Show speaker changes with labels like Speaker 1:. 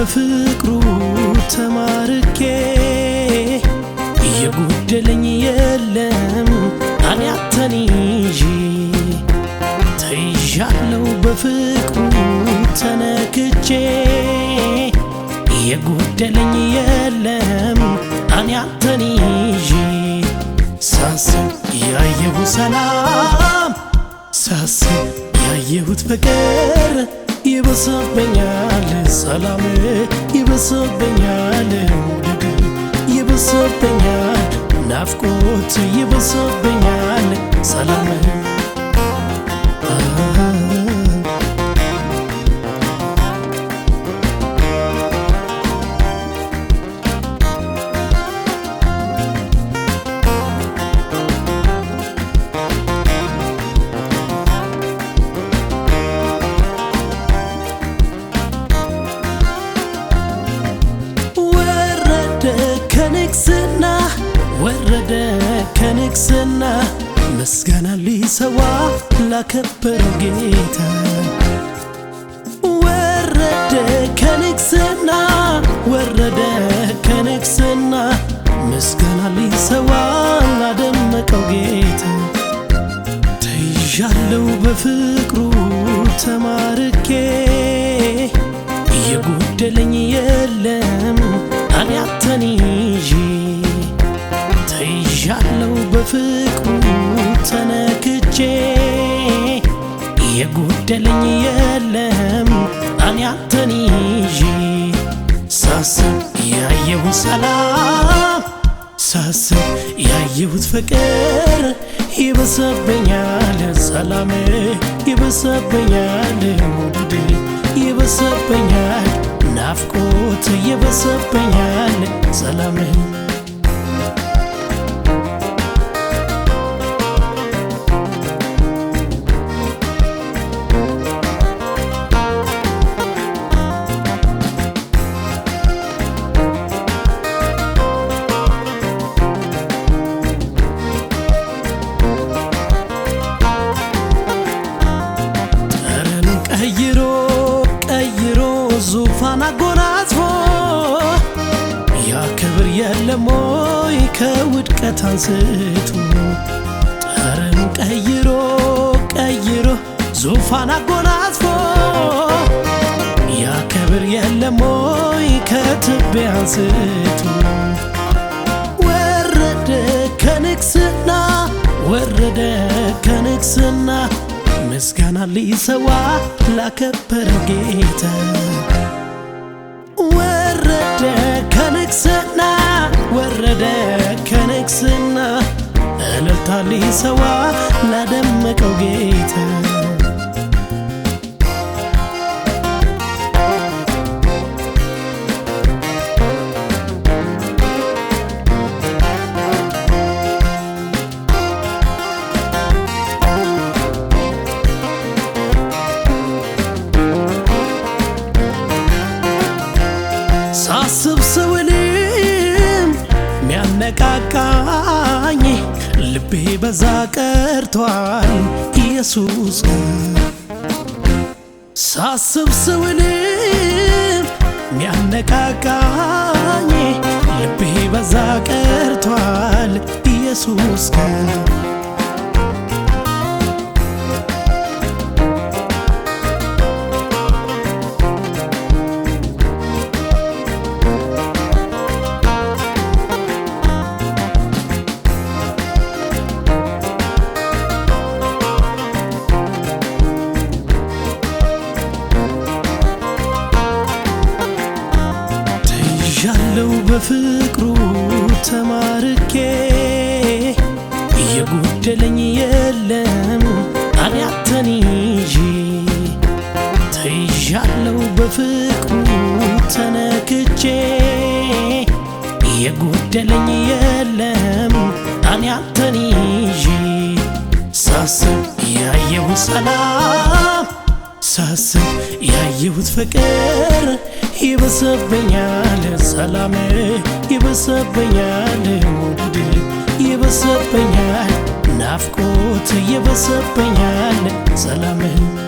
Speaker 1: በፍቅሩ ተማርኬ የጎደለኝ የለም እኔ ይዤ ተይዣለው በፍቅሩ ተነክቼ የጎደለኝ የለም እኔ አንተን ይዤ ሳስብ ሰላም ሳስብ ያየሁት ፍቅር ይብስብኛል ሰላም ይብስብኛል ውደግ ይብስብኛል ናፍቆት ይብስብኛል ሰላም ከንግስና ምስጋና ሊሰዋ ላከበረው ጌታ ወረደ ከንግስና ወረደ ከንግስና ምስጋና ሊሰዋ ላደመቀው ጌታ ተይዣለው በፍቅሩ ተማርኬ የጎደለኝ የሚልኝ የለም እኔ አንተን ይዤ ሳስብ ያየሁት ሰላም ሳስብ ያየሁት ፍቅር ይበሰብኛል ሰላም ይበሰብኛል ውድድ ይበሰብኛል ናፍቆት ይበሰብኛል ሰላምህ ዙፋን አጎናጽፎ ያ ክብር የለም ወይ ከውድቀት አንስቶ ጠረን ቀይሮ ቀይሮ ዙፋን አጎናጽፎ ያ ክብር የለም ወይ ከትቢያ አንስቶ ወረደ ከንግስና ወረደ ከንግስና ምስጋና ሊሰዋ ላከበረው ጌታ ሊሰዋ ላደመቀው ጌታ ሳስብ ስውንም ሚያነቃቃ ልቤ በዛ ቀርቷል ኢየሱስ ሳስብ ስውንም ሚያነቃቃኝ ልቤ በዛ ቀርቷል ኢየሱስ ከፍቅሩ ተማርኬ እየጎደለኝ የለም አንያተን ይዤ ተይዣለው በፍቅሩ ተነክቼ የጎደለኝ የለም አንያተን አንተን ይዤ ሳስብ ያየሁት ሰላም ሳስብ ያየሁት ፍቅር ይበሰበኛል፣ ሰላም ይበሰበኛል፣ ውድድ ይበሰበኛል፣ ናፍቆት ይበሰበኛል፣ ሰላምህ